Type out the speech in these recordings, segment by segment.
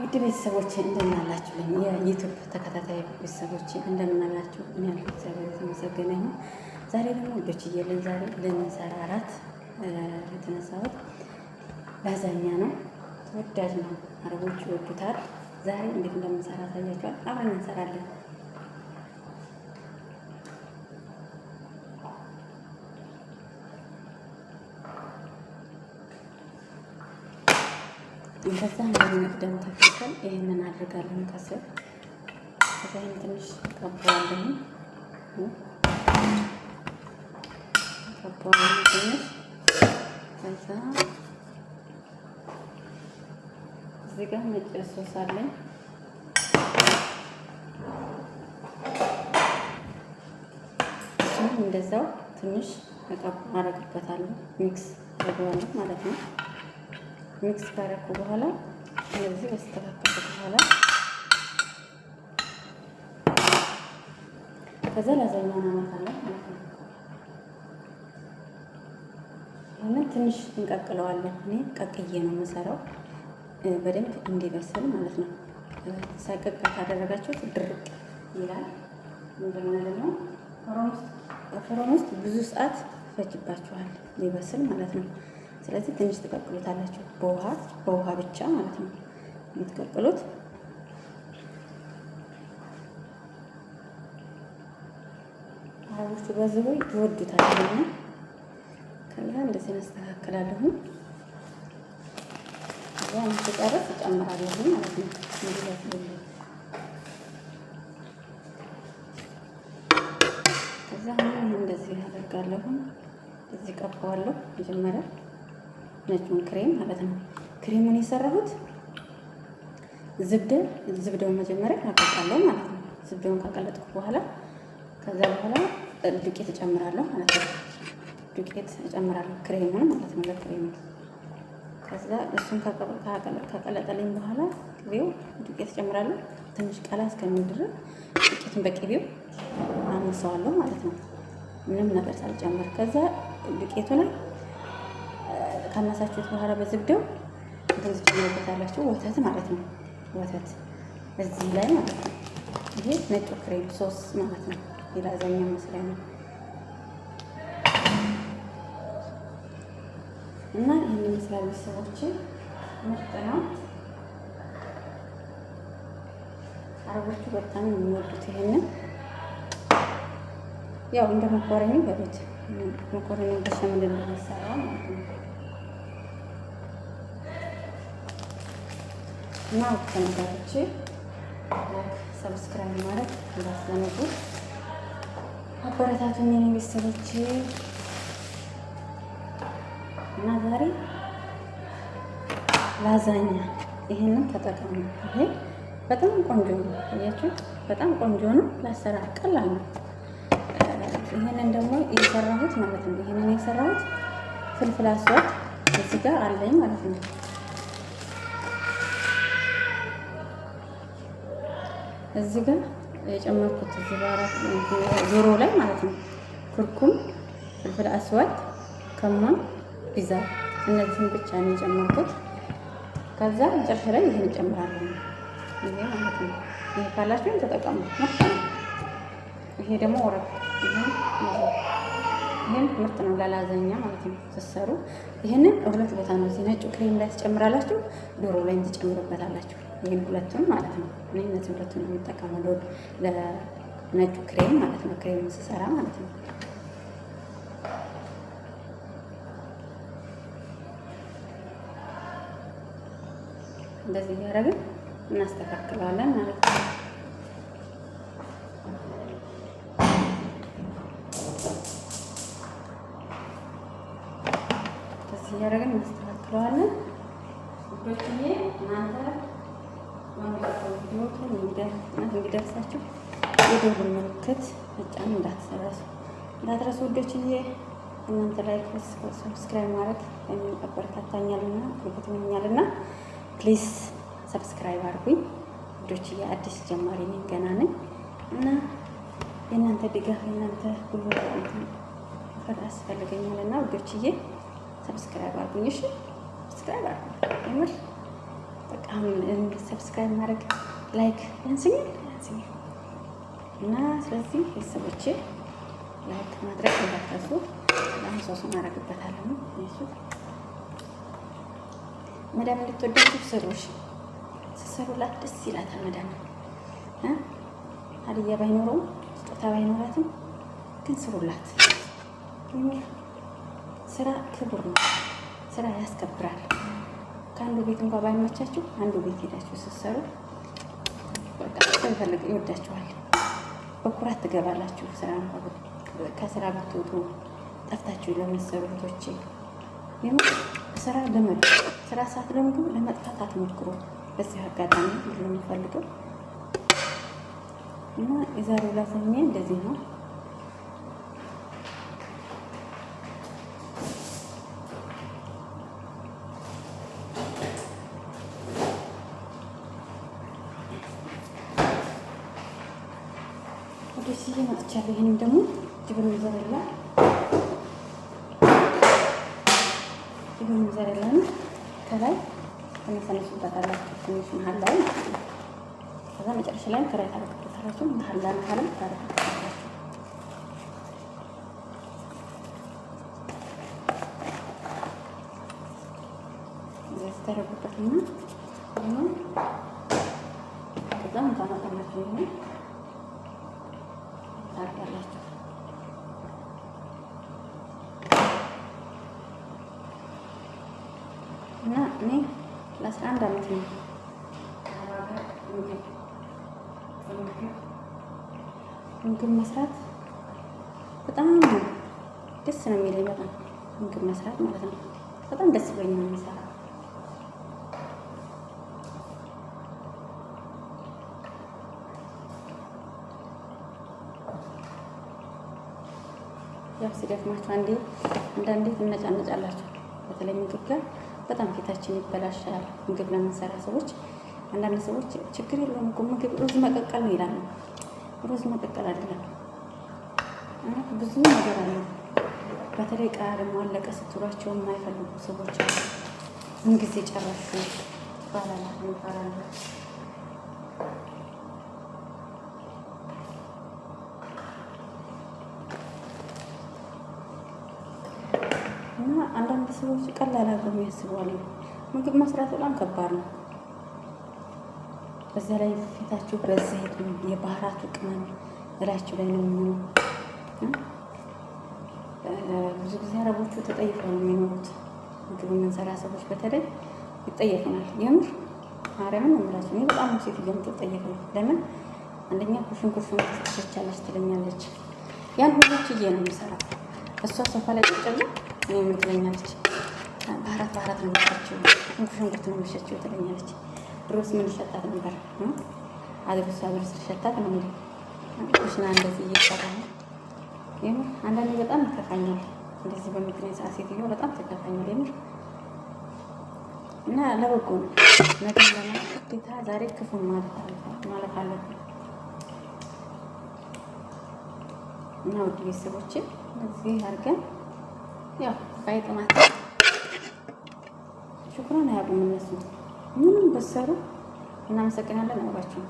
ውድ ቤተሰቦች እንደምናላችሁልኝ የዩቱብ ተከታታይ ቤተሰቦች እንደምናላችሁ እኔ ያልኩ እግዚአብሔር የተመሰገነ ይሁን። ዛሬ ደግሞ ውዶች እየለን ዛሬ ልንሰራ አራት የተነሳሁት ላዛኛ ነው። ተወዳጅ ነው፣ አረቦች ይወዱታል። ዛሬ እንዴት እንደምንሰራ ታያችኋል። አብረን እንሰራለን። ከዛ እንደዚህ ደግሞ ተከተል ይህንን አድርጋለን። ከስር ከዛ ይሄን ትንሽ ቀባዋለን ቀባዋለን ትንሽ ከዛ እዚህ ጋር ነጭ ሶስ አለኝ እሱም እንደዛው ትንሽ አረግበታለሁ ሚክስ አደርገዋለሁ ማለት ነው። ሚክስ ካረኩ በኋላ እንደዚህ በስተካከለ በኋላ ከዛ ላዛኛውን አመታለሁ ማለት ነው። ትንሽ እንቀቅለዋለን። እኔ ቀቅዬ ነው የምሰራው በደንብ እንዲበስል ማለት ነው። ሳቅቅ ካደረጋችሁት ድርቅ ይላል። እንደገና ደግሞ ፎሮን ውስጥ ብዙ ሰዓት ይፈጅባችኋል ሊበስል ማለት ነው። ስለዚህ ትንሽ ትቀቅሉታላችሁ በውሃ በውሃ ብቻ ማለት ነው የምትቀቅሉት። ውሃዎች በዝቦ ይወዱታልና ከዛ እንደዚህ እናስተካክላለሁ። ከዛ ስጨርስ እጨምራለሁ ማለት ነው እንዲህ ከዛ ምን እንደዚህ አደርጋለሁ። እዚህ ቀባዋለሁ መጀመሪያ ነጩን ክሬም ማለት ነው። ክሬሙን የሰራሁት ዝብደ ዝብደውን መጀመሪያ አቀቃለሁ ማለት ነው። ዝብደውን ካቀለጥኩ በኋላ ከዛ በኋላ ዱቄት እጨምራለሁ ማለት ነው። ዱቄት እጨምራለሁ ክሬሙን ማለት ነው። ለክሬሙ ከዛ እሱን ካቀለጠልኝ በኋላ ቅቤው ዱቄት እጨምራለሁ። ትንሽ ቀላ እስከሚል ድረስ ዱቄቱን በቅቤው አምሰዋለሁ ማለት ነው። ምንም ነገር ሳልጨምር ከዛ ላይ ካማሳችሁት በኋላ በዝግደው እንደዚህ ትጨምሩበታላችሁ። ወተት ማለት ነው። ወተት እዚህ ላይ ማለት ነው። ይሄ ነጭ ክሬም ሶስ ማለት ነው። የላዛኛ መስሪያ ነው እና ይህን ይመስላል ቤተሰቦች ምርጥ ነው። አረቦቹ በጣም የሚወዱት ይሄንን ያው እንደ መኮረኒ በሉት። መኮረኒ በሸመል የሚሰራው ማለት ነው እና ውድ ላይክ፣ ሰብስክራይብ ማለት እንዳትዘነጉ። አበረታቱን ቤተሰቦቼ እና ዛሬ ላዛኛ ይሄንን ተጠቀሙ። ይሄ በጣም ቆንጆ ነው። አያችሁት? በጣም ቆንጆ ነው። ለአሰራር ቀላል ነው። ነው። ይሄንን ደግሞ የሰራሁት ማለት ነው። ይሄንን የሰራሁት ፍልፍል አስዋት እዚህ ጋር አለኝ ማለት ነው። እዚህ ጋ የጨመርኩት ዞሮ ላይ ማለት ነው። ኩርኩም፣ ፍልፍል አስዋት፣ ከሞን፣ ቢዛ እነዚህን ብቻ ነው የጨመርኩት። ከዛ ጨርሽ ላይ ይህን እጨምራለሁ። ይሄ ማለት ነው። ይሄ ካላችሁን ተጠቀሙ። ይሄ ደግሞ ወረብ ይህን ምርጥ ነው ለላዛኛ ማለት ነው። ስትሰሩ ይህንን ሁለት ቦታ ነው እዚህ ነጩ ክሬም ላይ ትጨምራላችሁ፣ ዶሮ ላይ ትጨምርበታላችሁ። ይህን ሁለቱን ማለት ነው። እኔ እነዚህ ሁለቱን ነው የሚጠቀመው ለነጩ ክሬም ማለት ነው። ክሬም ስሰራ ማለት ነው። እንደዚህ እያደረግን እናስተካክለዋለን ማለት ነው። እያደረግን እናስተካክለዋለን። ዶችዬ እናንተ ወንዶቱን እንዲደርሳችሁ የደውል ምልክት መጫን እንዳትረሱ እንዳትረሱ ውዶችዬ። እናንተ ላይክ ሰብስክራይብ ማድረግ የሚያበረታታኛልና ጉልበት ይሆነኛልና ፕሊስ ሰብስክራይብ አድርጉኝ ውዶችዬ። አዲስ ጀማሪ ነኝ፣ ገና ነኝ እና የእናንተ ድጋፍ የእናንተ ጉልበት ያስፈልገኛልና ውዶችዬ ሰብስክራይብ አድርጉኝ። እሺ ሰብስክራይብ አድርጉኝ። የምር በቃ እንግዲህ ሰብስክራይብ ማድረግ ላይክ ያንስኛል ያንስኛል እና ስለዚህ ቤተሰቦቼ ላይክ ማድረግ እንዳትረሱ። አሁን ሶሱን አደርግበታለሁ ነው መዳም እንድትወዳችሁ ስሩሽ ስሰሩላት ደስ ይላታል። መዳም ሀዲያ ባይኖረውም ስጦታ ባይኖራትም ግን ስሩላት። ስራ ክቡር ነው። ስራ ያስከብራል። ከአንዱ ቤት እንኳ ባይመቻችሁ አንዱ ቤት ሄዳችሁ ስትሰሩ ፈልግ ይወዳችኋል። በኩራት ትገባላችሁ። ስራ ከስራ ብትወጡ ጠፍታችሁ ለምትሰሩ ልጆቼ ስራ ልመዱ። ስራ ሰዓት ልምዱ ለመጥፋት አትሞክሩ። በዚህ አጋጣሚ ልምፈልገው እና የዛሬው ላዘኛ እንደዚህ ነው። አዘጋጅቻለሁ። ይሄንም ደግሞ ጅብን ዘረላ ጅብን ዘረላ ነው ከላይ ተነሰነሱበታላችሁ ትንሽ መሀል ላይ ከዛ መጨረሻ ላይ ከላይ ታረግበታላችሁ። መሀል ላይ መሀልም ታረግበታላችሁ። ተደረጉበትና ከዛ ይሆናል pasar por esto. Nah, ini kelas andam sih. Ini mungkin masrat petang kita senang milih mungkin masrat makan petang kita sebanyak masrat ሲደክማችሁ አንዴ አንዳንዴ ትነጫነጫላችሁ። በተለይ ምግብ ጋር በጣም ፊታችን ይበላሻል። ምግብ ለምንሰራ ሰዎች አንዳንድ ሰዎች ችግር የለውም እኮ ምግብ ሩዝ መቀቀል ነው ይላሉ። ሩዝ መቀቀል አይደለም፣ ብዙ ነገር አለ። በተለይ ዕቃ አለቀ ስትሏቸው የማይፈልጉ ሰዎች ምንጊዜ ጨረሹ ይባላል ይባላል። እና አንዳንድ ሰዎች ቀላል አድርገው ያስባሉ። ምግብ መስራት በጣም ከባድ ነው። በዛ ላይ ፊታችሁ በዘይቱ የባህራቱ ቅመም እላችሁ ላይ ነው የሚሆነው። ብዙ ጊዜ አረቦቹ ተጠይፈው ነው የሚኖሩት። ምግብ የምንሰራ ሰዎች በተለይ ይጠየፍናል። የምር ማርያምን እምላችሁ እኔ በጣም ሴትዮ የምትጠየፍ ነው። ለምን አንደኛ ኩሽን ኩሽን ትቻለች ትለኛለች። ያን ሁሉ ችዬ ነው የሚሰራ እሷ ሶፋ ላይ ቁጭ ብላ ነው ምን ትለኛለች? በአራት በአራት ነው መሸችው፣ ሽንኩርት ነው መሸችው ትለኛለች። ድሮስ ምን ይሸጣት ነበር? አድርስ አድርስ ሸጣት ነው እንዴ? ኩሽና እንደዚህ እየሰራ ነው። ይሄ አንዳንዴ በጣም ይከፋኛል። እንደዚህ በምክንያት ሰዓት ሴትዮ በጣም ትከፋኛል የምር እና ለበጎ ነው ነገር ለማስቀጥታ ዛሬ ክፉን ማለት አለብን እና ውድ ቤተሰቦችን እዚህ አድርገን ያው ባይጥማት ሽኩራን አያውቁም እነሱ ምንም በሰሩ እናመሰግናለን አውራችሁ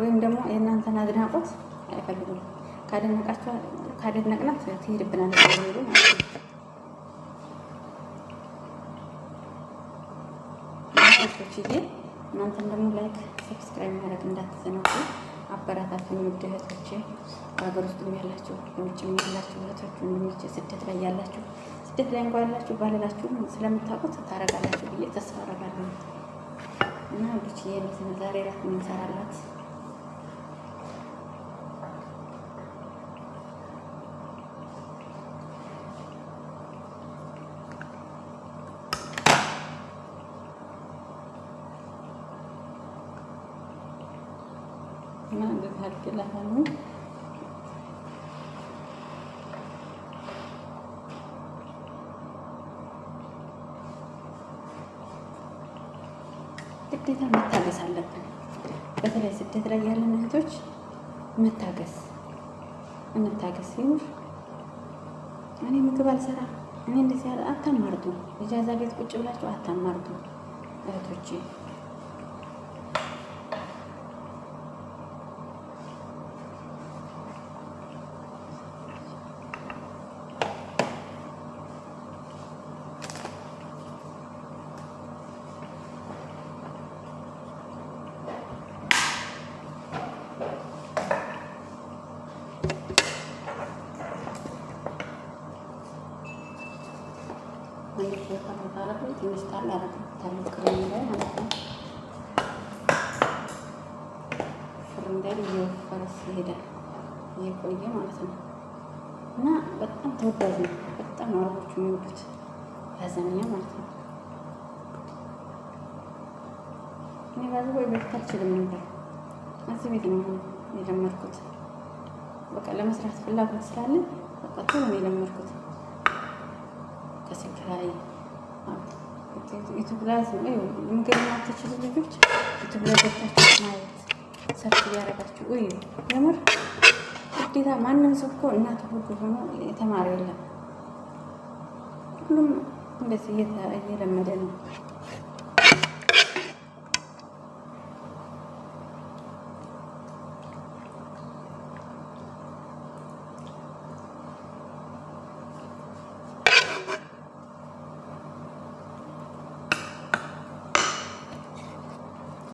ወይም ደግሞ የእናንተን አድናቆት አይፈልጉም። ካደነቃቸው ካደነቅናት ትሄድብናለች ሄዱ ማለት ነው። እናንተን ደግሞ ላይክ፣ ሰብስክራይብ ማድረግ እንዳትዘነጉ። አበረታቱኝ ውድ እህቶቼ፣ በሀገር ውስጥ ያላችሁ ውጭ ያላችሁ እህቶች ወንድሞቼ፣ ስደት ላይ ያላችሁ ስደት ላይ እንኳ ያላችሁ ባልላችሁም ስለምታውቁት ታረጋላችሁ ብዬ ተስፋ አረጋለሁ እና ብቻዬን ዛሬ እራት ምን inaanza kila hamu ግዴታ መታገስ አለብን። በተለይ ስደት ላይ ያለን እህቶች መታገስ እንታገስ ይኑር። እኔ ምግብ አልሰራ እኔ እንደዚህ አታማርጡ። እጃዛ ቤት ቁጭ ብላችሁ አታማርጡ እህቶቼ። ዘይት ከተባለ ትንሽ ጣል አደረግበታለሁ ክሬም ላይ ማለት ነው። ፍርም እየወፈረ ሲሄደ እየቆየ ማለት ነው። እና በጣም ተወዳጅ ነው። በጣም አረቦቹ የሚወዱት ላዛኛ ማለት ነው። እኔ ባዚ ወይ በፊት አልችልም ነበር። እዚህ ቤት ነው የለመድኩት። በቃ ለመስራት ፍላጎት ስላለ በቃ ቶሎ ነው የለመድኩት። ታይ ዩቱብ ላይ ምግብ የማትችሉ ልጆች ዩቱብ ላይ ገብታችሁ ማየት ሰርች እያደረጋችሁ እዩ። የምር ግዴታ ማንም ሰው እኮ እናት ሁሉ ሆኖ የተማረ የለም። ሁሉም እንደዚህ እየለመደ ነው።